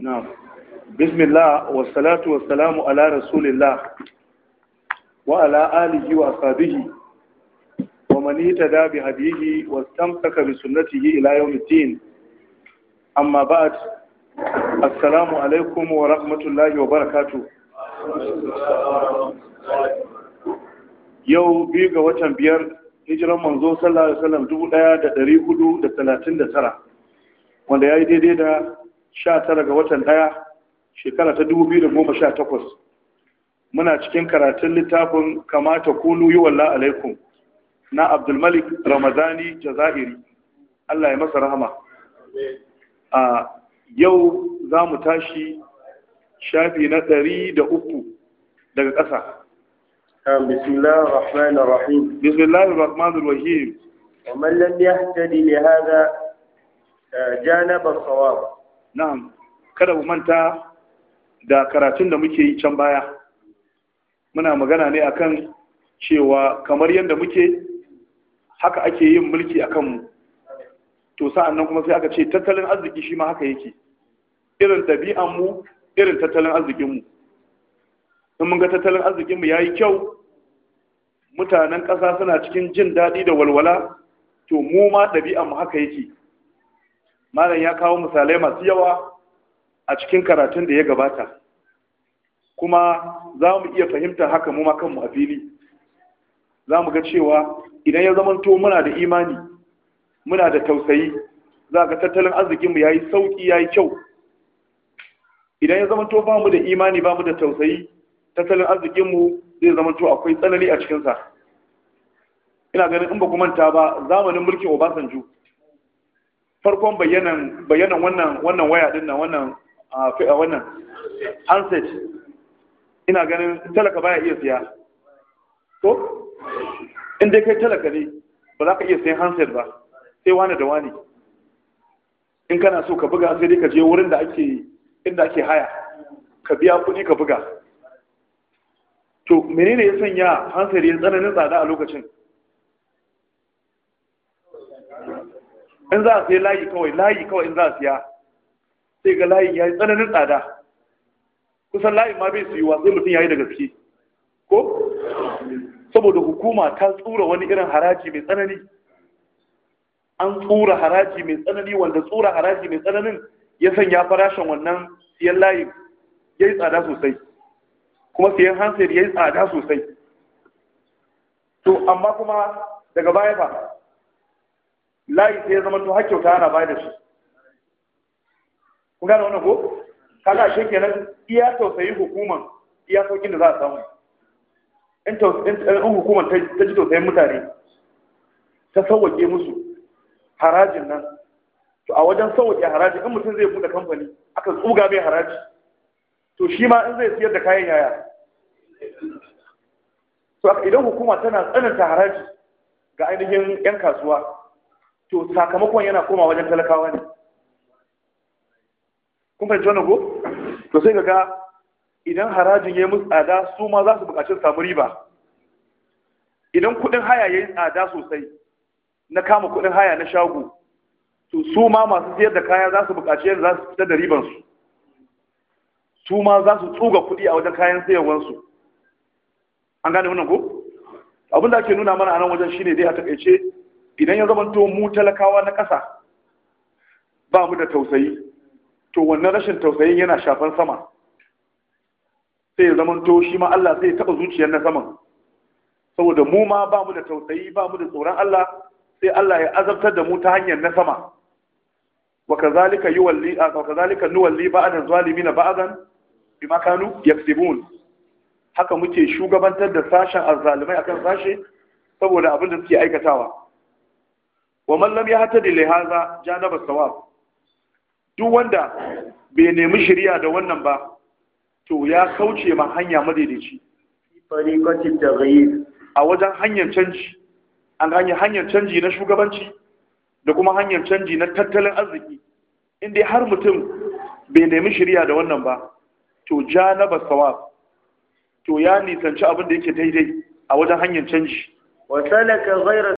na'am bismillah wa salatu wa salamu ala rasulillah wa ala alihi wa ashabihi wa man yatada bi hadihi wa istamsaka bi sunnatihi ila yawmiddin amma ba'd assalamu alaikum wa rahmatullahi wa barakatuh yau biyu ga watan biyar hijiran manzo sallallahu alaihi wasallam dubu ɗaya da ɗari hudu da talatin da tara wanda ya yi daidai da 19 ga watan ɗaya, shekara ta 2018 muna cikin karatun littafin kamata kulu yi walla alaikum na abdulmalik ramazani jazairi allah ya masa rahama a yau za mu tashi shafi na ɗari daga ƙasa bismillah ar-rahman ar-rahim bismillah ar-rahman ar ومن لم يهتدي لهذا جانب الصواب na'am kada mu manta da karatun da muke yi can baya muna magana ne akan cewa kamar yadda muke haka ake yin mulki a kanmu to sa'an nan kuma sai aka ce tattalin arziki shi ma haka yake irin ɗabi'anmu irin tattalin arzikinmu in mun ga tattalin arzikinmu ya yi kyau mutanen ƙasa suna cikin jin daɗi da walwala to mu ma mu haka yake malam ya kawo misalai masu yawa a cikin karatun da ya gabata kuma za mu iya fahimtar haka mu kanmu a fili za mu ga cewa idan ya zamanto muna da imani muna da tausayi za ga tattalin arzikinmu ya yi sauƙi ya yi kyau idan ya zamanto ba mu da imani ba mu da tausayi tattalin arzikinmu zai zamanto akwai tsanani a cikinsa ina ganin in ba ku manta ba zamanin mulkin obasanjo farkon bayanan bayanan wannan wannan waya din nan wannan a wannan handset ina ganin talaka baya iya siya to in dai kai talaka ne ba za ka iya sayan handset ba sai wani da wani in kana so ka buga sai dai ka je wurin da ake inda ake haya ka biya kuɗi ka buga to menene ya sanya handset ya tsananin tsada a lokacin in za a sai layi kawai layi kawai in za a siya sai ga layi ya yi tsananin tsada kusan layi ma bai suyuwa sai mutum ya yi da gaske ko saboda hukuma ta tsura wani irin haraji mai tsanani an tsura haraji mai tsanani wanda tsura haraji mai tsananin ya sanya farashin wannan siyan layin ya yi tsada sosai kuma siyan hansir ya yi tsada sosai to amma kuma daga baya ba layi sai ya zama to har kyauta ana bayar da shi kun gane wannan ko kaga shi kenan iya tausayi hukuman iya saukin da za a samu in in hukuman ta ji tausayin mutane ta sauwake musu harajin nan to a wajen sauwake haraji in mutum zai buɗe kamfani aka tsuga mai haraji to shi ma in zai siyar da kayan yaya to idan hukuma tana tsananta haraji ga ainihin 'yan kasuwa to sakamakon yana koma wajen talakawa ne Kuma fahimci wani ko to sai ga idan harajin ya yi musu tsada su ma za su buƙaci samu riba idan kuɗin haya ya yi tsada sosai na kama kuɗin haya na shago to su ma masu siyar da kaya za su buƙaci yadda za su fitar da ribansu su ma za su tsuga kuɗi a wajen kayan sayarwarsu an gane wannan ko abin da ake nuna mana a nan wajen shine dai a takaice idan ya zama mu talakawa na ƙasa ba mu da tausayi to wannan rashin tausayin yana shafan sama sai ya zama shi ma Allah sai ya taɓa zuciyar na saman saboda mu ma ba mu da tausayi ba mu da tsoron Allah sai Allah ya azabtar da mu ta hanyar na sama wa kazalika yuwalli wa kazalika nuwalli ba'dan zalimin ba'dan bima haka muke shugabantar da sashen azzalumai akan sashe saboda abin da suke aikatawa wa man lam yahtadi li hadha janaba sawab duk wanda bai nemi shari'a da wannan ba to ya kauce ma hanya madaidaici tariqati taghyir a wajen hanyar canji an gane hanyar canji na shugabanci da kuma hanyar canji na tattalin arziki inda har mutum bai nemi shari'a da wannan ba to janaba sawab to ya nisanci abin da yake daidai a wajen hanyar canji wasalaka ghayra